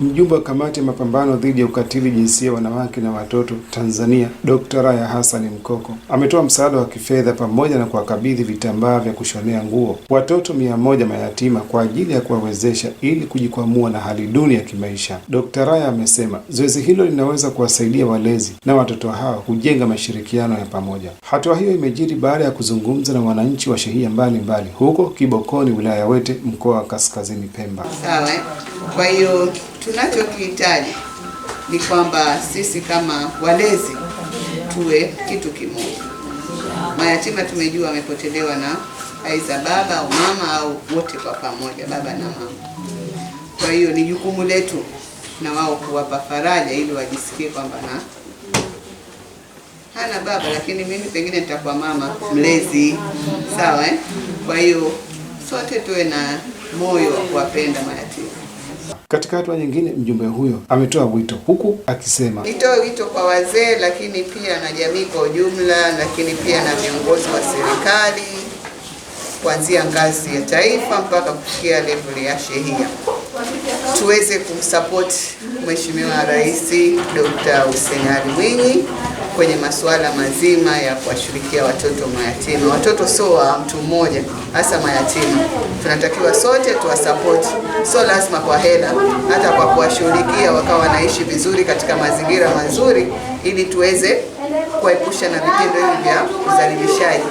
Mjumbe wa kamati ya mapambano dhidi ya ukatili jinsia wanawake na watoto Tanzania, Dr. Raya Hassan Mkoko ametoa msaada wa kifedha pamoja na kuwakabidhi vitambaa vya kushonea nguo watoto mia moja mayatima kwa ajili ya kuwawezesha ili kujikwamua na hali duni ya kimaisha. Dr. Raya amesema zoezi hilo linaweza kuwasaidia walezi na watoto hao kujenga mashirikiano ya pamoja. Hatua hiyo imejiri baada ya kuzungumza na wananchi wa shehia mbalimbali huko Kibokoni, wilaya Wete, mkoa wa Kaskazini Pemba. Sawa, kwa hiyo tunachokihitaji ni kwamba sisi kama walezi tuwe kitu kimoja. Mayatima tumejua wamepotelewa na aidha baba au mama au wote kwa pamoja, baba na mama. Kwa hiyo ni jukumu letu na wao kuwapa faraja ili wajisikie kwamba na hana baba, lakini mimi pengine nitakuwa mama mlezi, sawa eh? Kwa hiyo sote tuwe na moyo wa kuwapenda mayatima. Katika hatua nyingine, mjumbe huyo ametoa wito huku akisema, nitoe wito kwa wazee, lakini pia na jamii kwa ujumla, lakini pia na viongozi wa serikali kuanzia ngazi ya taifa mpaka kufikia level ya shehia, tuweze kumsapoti Mheshimiwa Rais Dr. Hussein Ali Mwinyi kwenye masuala mazima ya kuwashughulikia watoto mayatima. Watoto sio wa mtu mmoja, hasa mayatima, tunatakiwa sote tuwasapoti, sio lazima kwa hela, hata kwa kuwashughulikia wakawa wanaishi vizuri katika mazingira mazuri, ili tuweze kuepusha na vitendo hivi vya udhalilishaji.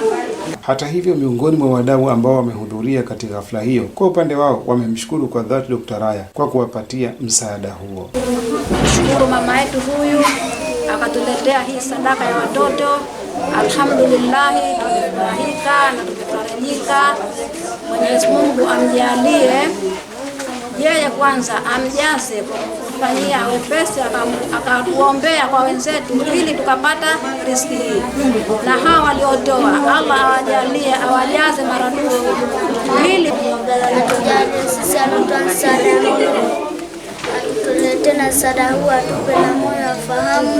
Hata hivyo, miongoni mwa wadau ambao wamehudhuria katika hafla hiyo, kwa upande wao wamemshukuru kwa dhati Dr. Raya kwa kuwapatia msaada huo. Mshukuru mama yetu huyu akatuletea hii sadaka ya watoto. Alhamdulillahi, tumefurahika na tumefarajika. Mwenyezi Mungu amjalie yeye kwanza, amjaze kwa kufanyia wepesi, akatuombea kwa wenzetu ili tukapata riziki hii, na hawa waliotoa, Allah awajalie, awajaze maradufu ili msaada huu atupe na moyo kumfahamu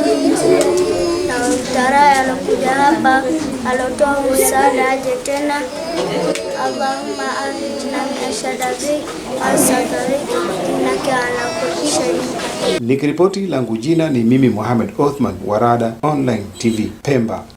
mtu tarehe alokuja hapa, alotoa msaada aje tena. Allahumma atina minashadari asadari nakianakushai. Nikiripoti langu jina ni mimi Mohamed Othman wa RADA Online TV Pemba.